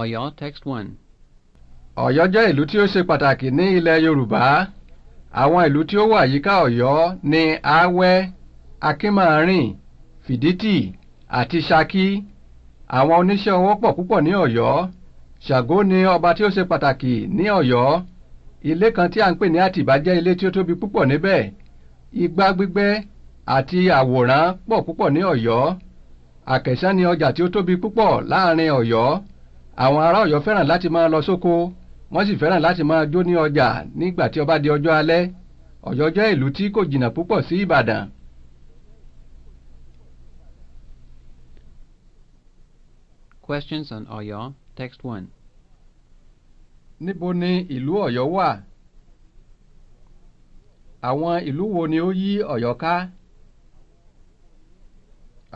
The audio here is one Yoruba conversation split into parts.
Ọ̀yọ́ text one. Ọ̀yọ́ jẹ́ ìlú tí ó ṣe pàtàkì ní ilẹ̀ Yorùbá. Àwọn ìlú tí ó wà yíká Ọ̀yọ́ ni Awẹ́, Akínmárìn, Fìdítì àti Ṣakí. Àwọn oníṣẹ́ ọwọ́ pọ̀ púpọ̀ ní Ọ̀yọ́. Ṣàgó ni ọba tí ó ṣe pàtàkì ní Ọ̀yọ́. Ilé kan tí a ń pè ní Àtìbá jẹ́ ilé tí ó tóbi púpọ̀ níbẹ̀. Igbá gbígbẹ́ àti àwòrán pọ̀ púpọ̀ ní Ọ̀yọ́. Àkẹ̀sán ni ọjà tí ó tóbi púpọ̀ láàrin Ọ̀yọ́ àwọn ará Ọ̀yọ́ fẹ́ràn láti máa lọ sóko wọ́n sì fẹ́ràn láti máa jó ní ọjà nígbà tí ó di ọjọ́ alẹ́ Ọ̀yọ́ jẹ́ ìlú tí kò jìnnà púpọ̀ sí Ìbàdàn. Questions on Ọ̀yọ́, text one. Níbo ni ìlú Ọ̀yọ́ wà? Àwọn ìlú wo ni ó yí Ọ̀yọ́ ká?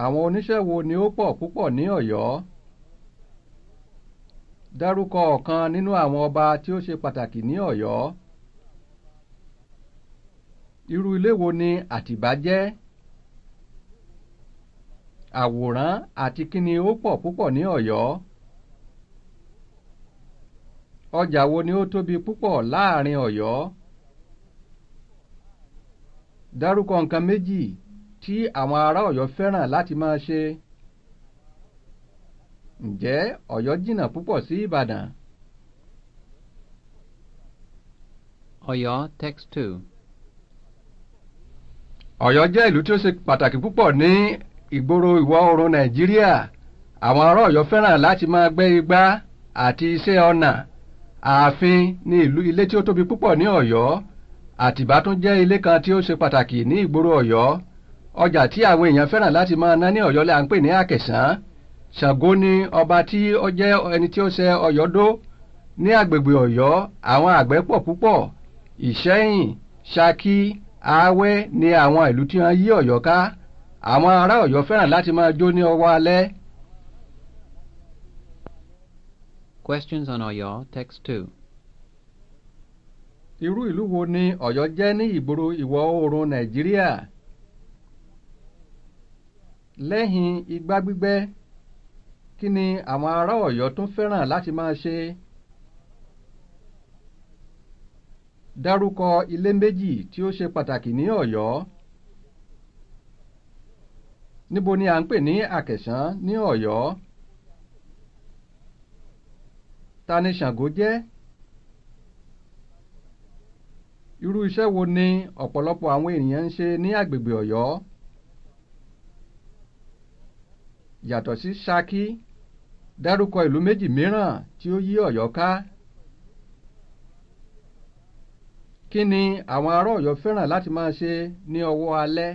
Àwọn oníṣẹ́ wo ni ó pọ̀ púpọ̀ ní Ọ̀yọ́? dárúkọ ọ̀kan nínú àwọn ọba tí ó ṣe pàtàkì ní ọ̀yọ́ irú ilé wo ni àtìbá jẹ́ àwòrán àti kíni ó pọ̀ púpọ̀ ní ọ̀yọ́ ọjà wo ni ó tóbi púpọ̀ láàrin ọ̀yọ́ dárúkọ nǹkan méjì tí àwọn ará ọ̀yọ́ fẹ́ràn láti máa ṣe ǹjẹ́ ọ̀yọ́ jìnnà púpọ̀ sí ìbàdàn. ọ̀yọ́ text two. ọ̀yọ́ jẹ́ ìlú tí ó ṣe pàtàkì púpọ̀ ní ìgboro ìwọ̀ oòrùn nàìjíríà àwọn ará ọ̀yọ́ fẹ́ràn láti máa gbẹ́ igbá àti iṣẹ́ ọnà ààfin ní ìlú ilé tí ó tóbi púpọ̀ ní ọ̀yọ́ àtìbá tún jẹ́ ilé kan tí ó ṣe pàtàkì ní ìgboro ọ̀yọ́ ọjà tí àwọn èèyàn fẹ́ràn láti máa ná ní ọ̀yọ́ là ń pè ní àkẹ̀sán ṣàngó ni ọba tí ó jẹ́ ẹni tí ó ṣe ọ̀yọ́ dó ní agbègbè ọ̀yọ́ àwọn àgbẹ̀ pọ̀ púpọ̀ ìṣẹ́yìn ṣakí awẹ́ ni àwọn ìlú tí wọ́n yí ọ̀yọ́ ká àwọn ará ọ̀yọ́ fẹ́ràn láti máa jó ní ọwọ́ alẹ́. Questions on Ọ̀yọ́, text two. Irú ìlú wo ni Ọ̀yọ́ jẹ́ ní ìgboro ìwọ̀ oòrùn Nàìjíríà? Lẹ́yìn igbá gbígbẹ́ kí ni àwọn ará Ọ̀yọ́ tún fẹ́ràn láti máa ṣe? Dárúkọ ilé méjì tí ó ṣe pàtàkì ní Ọ̀yọ́. Níbo ni à ń pè ní Àkẹ̀sán ní Ọ̀yọ́? Ta ni Ṣàngó jẹ́? Irú iṣẹ́ wo ni ọ̀pọ̀lọpọ̀ àwọn ènìyàn ń ṣe ní agbègbè Ọ̀yọ́? Yàtọ̀ sí Ṣakí dárúkọ ìlú méjì mìíràn tí ó yí ọ̀yọ́ ká. kí ni àwọn ará ọ̀yọ́ fẹ́ràn láti máa ṣe ní ọwọ́ alẹ́?